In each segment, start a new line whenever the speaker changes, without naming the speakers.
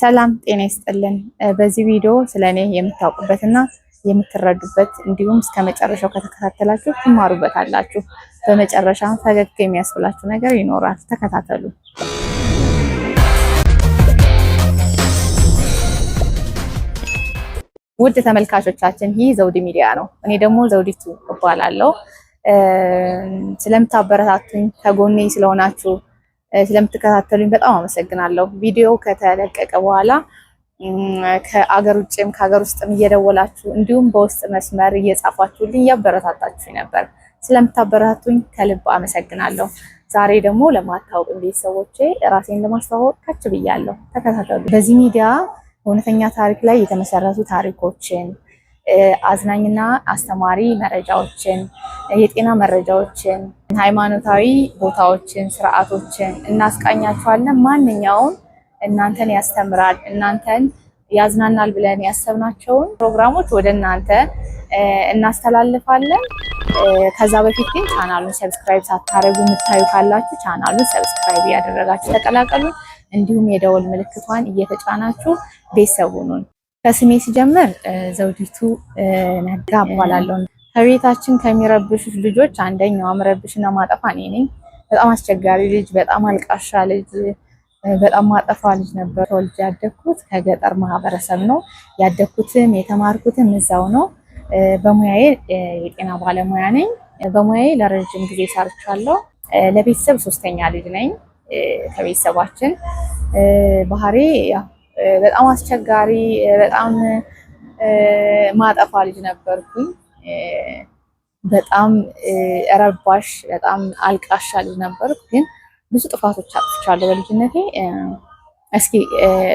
ሰላም ጤና ይስጥልን። በዚህ ቪዲዮ ስለ እኔ የምታውቁበትና የምትረዱበት እንዲሁም እስከ መጨረሻው ከተከታተላችሁ ትማሩበት አላችሁ። በመጨረሻ ፈገግ የሚያስብላችሁ ነገር ይኖራል። ተከታተሉ። ውድ ተመልካቾቻችን ይህ ዘውድ ሚዲያ ነው። እኔ ደግሞ ዘውዲቱ እባላለሁ። ስለምታበረታቱኝ ከጎኔ ስለሆናችሁ ስለምትከታተሉኝ በጣም አመሰግናለሁ። ቪዲዮ ከተለቀቀ በኋላ ከአገር ውጭም ከሀገር ውስጥም እየደወላችሁ እንዲሁም በውስጥ መስመር እየጻፋችሁልኝ እያበረታታችሁኝ ነበር። ስለምታበረታቱኝ ከልብ አመሰግናለሁ። ዛሬ ደግሞ ለማታወቅ ቤተሰቦቼ ራሴን ለማስተዋወቅ ከች ብያለሁ። ተከታተሉ። በዚህ ሚዲያ እውነተኛ ታሪክ ላይ የተመሰረቱ ታሪኮችን አዝናኝና አስተማሪ መረጃዎችን፣ የጤና መረጃዎችን፣ ሃይማኖታዊ ቦታዎችን፣ ስርዓቶችን እናስቃኛችኋለን። ማንኛውም እናንተን ያስተምራል፣ እናንተን ያዝናናል ብለን ያሰብናቸውን ፕሮግራሞች ወደ እናንተ እናስተላልፋለን። ከዛ በፊት ግን ቻናሉን ሰብስክራይብ ሳታደርጉ የምታዩ ካላችሁ ቻናሉን ሰብስክራይብ እያደረጋችሁ ተቀላቀሉ። እንዲሁም የደወል ምልክቷን እየተጫናችሁ ቤተሰቡኑን ከስሜ ሲጀምር ዘውዲቱ ነጋ እባላለሁ። ከቤታችን ከሚረብሹ ልጆች አንደኛው አምረብሽና ማጠፋ እኔ ነኝ። በጣም አስቸጋሪ ልጅ፣ በጣም አልቃሻ ልጅ፣ በጣም ማጠፋ ልጅ ነበር። ተወልጄ ያደግኩት ከገጠር ማህበረሰብ ነው። ያደግኩትም የተማርኩትም እዛው ነው። በሙያዬ የጤና ባለሙያ ነኝ። በሙያዬ ለረጅም ጊዜ ሰርቻለሁ። ለቤተሰብ ሶስተኛ ልጅ ነኝ ከቤተሰባችን ባህሪ በጣም አስቸጋሪ፣ በጣም ማጠፋ ልጅ ነበርኩኝ። በጣም ረባሽ፣ በጣም አልቃሻ ልጅ ነበርኩ። ግን ብዙ ጥፋቶች አጥፍቻለሁ በልጅነቴ። እስኪ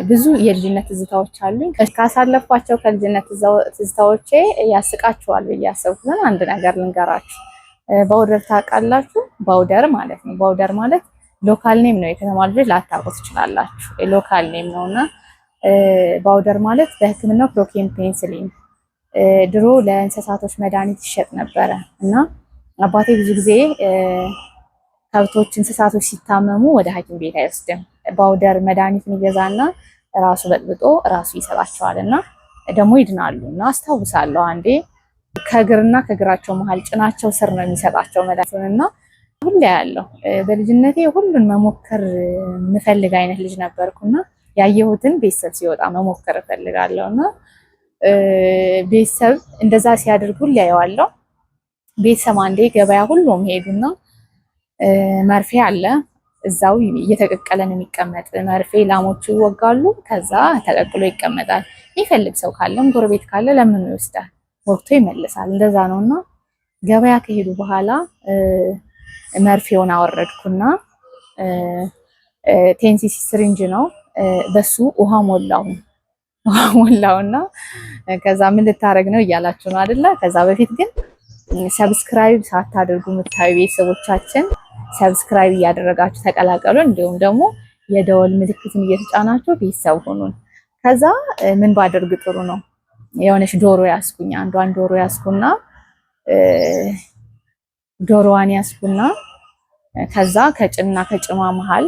ብዙ የልጅነት ትዝታዎች አሉኝ። ካሳለፍኳቸው ከልጅነት ትዝታዎቼ ያስቃችኋል ብዬ አንድ ነገር ልንገራችሁ። ባውደር ታውቃላችሁ? ባውደር ማለት ነው። ባውደር ማለት ሎካል ኔም ነው። የከተማ ልጆች ላታውቁ ትችላላችሁ። ሎካል ኔም ነው እና ባውደር ማለት በህክምናው ፕሮኬን ፔንስሊን ድሮ ለእንስሳቶች መድኃኒት ይሸጥ ነበረ እና አባቴ ብዙ ጊዜ ከብቶች፣ እንስሳቶች ሲታመሙ ወደ ሐኪም ቤት አይወስድም። ባውደር መድኃኒቱን ይገዛና ራሱ በጥብጦ ራሱ ይሰጣቸዋል እና ደግሞ ይድናሉ። እና አስታውሳለሁ አንዴ ከእግርና ከእግራቸው መሀል ጭናቸው ስር ነው የሚሰጣቸው መድኃኒቱን እና ሁላ ያለው በልጅነቴ ሁሉን መሞከር የምፈልግ አይነት ልጅ ነበርኩና ያየሁትን ቤተሰብ ሲወጣ መሞከር እፈልጋለሁ እና ቤተሰብ እንደዛ ሲያደርጉ ሊያየዋለው። ቤተሰብ አንዴ ገበያ ሁሉም ሄዱና መርፌ አለ እዛው እየተቀቀለን የሚቀመጥ መርፌ ላሞቹ ይወጋሉ። ከዛ ተቀቅሎ ይቀመጣል። የሚፈልግ ሰው ካለም ጎረቤት ካለ ለምኑ ይወስዳል፣ ወቅቶ ይመልሳል። እንደዛ ነው እና ገበያ ከሄዱ በኋላ መርፌውን አወረድኩና ቴንሲስ ስሪንጅ ነው በሱ ውሃ ሞላው ውሃ ሞላውና ከዛ ምን ልታረግ ነው እያላችሁ ነው አይደለ? ከዛ በፊት ግን ሰብስክራይብ ሳታደርጉ የምታዩ ቤተሰቦቻችን ሰብስክራይብ እያደረጋችሁ ተቀላቀሉ። እንዲሁም ደግሞ የደወል ምልክትን እየተጫናችሁ ቤተሰብ ሁኑን። ከዛ ምን ባደርግ ጥሩ ነው? የሆነች ዶሮ ያስኩኝ፣ አንዷን ዶሮ ያስኩና ዶሮዋን ያስኩና ከዛ ከጭና ከጭማ መሃል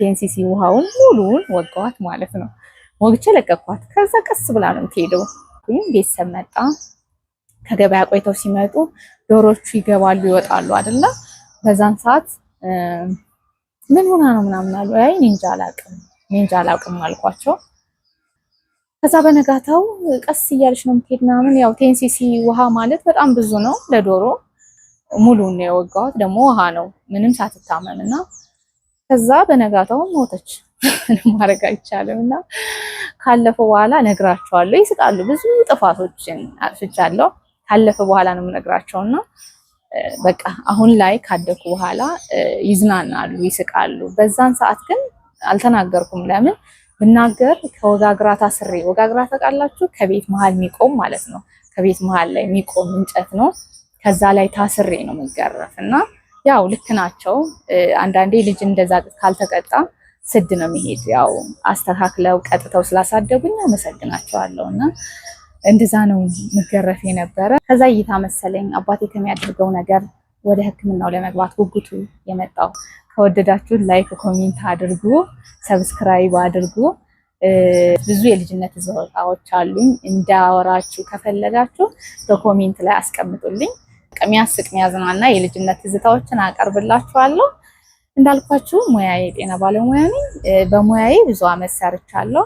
ፔንሲሲ ውሃውን ሙሉውን ወጋዋት ማለት ነው። ወግቼ ለቀኳት። ከዛ ቀስ ብላ ነው የምትሄደው። ግን ቤተሰብ መጣ። ከገበያ ቆይተው ሲመጡ ዶሮቹ ይገባሉ ይወጣሉ አይደለ? በዛን ሰዓት ምን ሆና ነው ምናምን አሉ። አይ እኔ እንጃ አላውቅም፣ እኔ እንጃ አላውቅም አልኳቸው። ከዛ በነጋታው ቀስ እያለች ነው የምትሄድ ምናምን። ያው ቴንሲሲ ውሃ ማለት በጣም ብዙ ነው ለዶሮ። ሙሉ ነው የወጋሁት ደግሞ ውሃ ነው ምንም ሳትታመም እና ከዛ በነጋታው ሞተች። ማድረግ አይቻልም እና ካለፈ በኋላ ነግራቸዋለሁ። ይስቃሉ። ብዙ ጥፋቶችን አጥፍቻለሁ። ካለፈ በኋላ ነው የምነግራቸው እና በቃ አሁን ላይ ካደኩ በኋላ ይዝናናሉ፣ ይስቃሉ። በዛን ሰዓት ግን አልተናገርኩም። ለምን ብናገር ከወጋግራ ታስሬ፣ ወጋግራ ታውቃላችሁ? ከቤት መሀል የሚቆም ማለት ነው። ከቤት መሀል ላይ የሚቆም እንጨት ነው። ከዛ ላይ ታስሬ ነው የምገረፍ እና ያው ልክ ናቸው። አንዳንዴ ልጅ እንደዛ ካልተቀጣ ስድ ነው የሚሄድ። ያው አስተካክለው ቀጥተው ስላሳደጉኝ አመሰግናቸዋለሁ እና እንደዛ ነው ምገረፍ የነበረ። ከዛ እይታ መሰለኝ አባቴ ከሚያደርገው ነገር ወደ ሕክምናው ለመግባት ጉጉቱ የመጣው። ከወደዳችሁን ላይክ፣ ኮሜንት አድርጉ፣ ሰብስክራይብ አድርጉ። ብዙ የልጅነት ዘወጣዎች አሉኝ። እንዳወራችሁ ከፈለጋችሁ በኮሜንት ላይ አስቀምጡልኝ። የሚያስቅ የሚያዝናና የልጅነት ትዝታዎችን አቀርብላችኋለሁ። እንዳልኳችሁ ሙያዬ የጤና ባለሙያ ነኝ። በሙያዬ ብዙ አመት ሰርቻለሁ።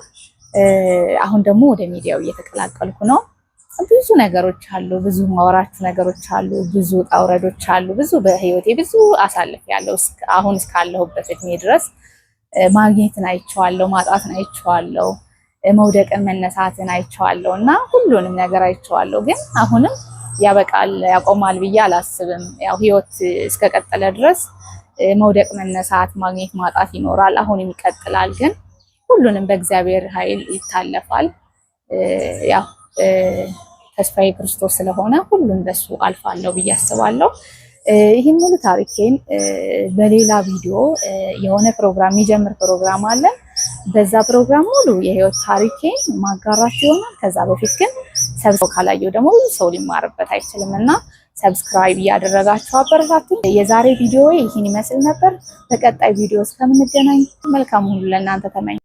አሁን ደግሞ ወደ ሚዲያው እየተቀላቀልኩ ነው። ብዙ ነገሮች አሉ፣ ብዙ ማወራችሁ ነገሮች አሉ፣ ብዙ ውጣ ውረዶች አሉ፣ ብዙ በህይወቴ ብዙ ያለው አሁን እስካለሁበት እድሜ ድረስ ማግኘትን አይቼዋለሁ፣ ማጣትን አይቼዋለሁ፣ መውደቅን መነሳትን አይቼዋለሁ እና ሁሉንም ነገር አይቼዋለሁ ግን አሁንም ያበቃል ያቆማል ብዬ አላስብም። ያው ህይወት እስከቀጠለ ድረስ መውደቅ፣ መነሳት፣ ማግኘት፣ ማጣት ይኖራል። አሁንም ይቀጥላል። ግን ሁሉንም በእግዚአብሔር ኃይል ይታለፋል። ያው ተስፋዬ ክርስቶስ ስለሆነ ሁሉን በሱ አልፋለሁ ብዬ አስባለሁ። ይህን ሙሉ ታሪኬን በሌላ ቪዲዮ የሆነ ፕሮግራም የሚጀምር ፕሮግራም አለን። በዛ ፕሮግራም ሙሉ የህይወት ታሪኬን ማጋራት ይሆናል። ከዛ በፊት ግን ሰብስክራይብ ካላየው ደግሞ ብዙ ሰው ሊማርበት አይችልም እና ሰብስክራይብ እያደረጋችሁ አበረታቱ። የዛሬ ቪዲዮ ይህን ይመስል ነበር። በቀጣይ ቪዲዮ እስከምንገናኝ መልካም ሁሉ ለእናንተ ተመኝ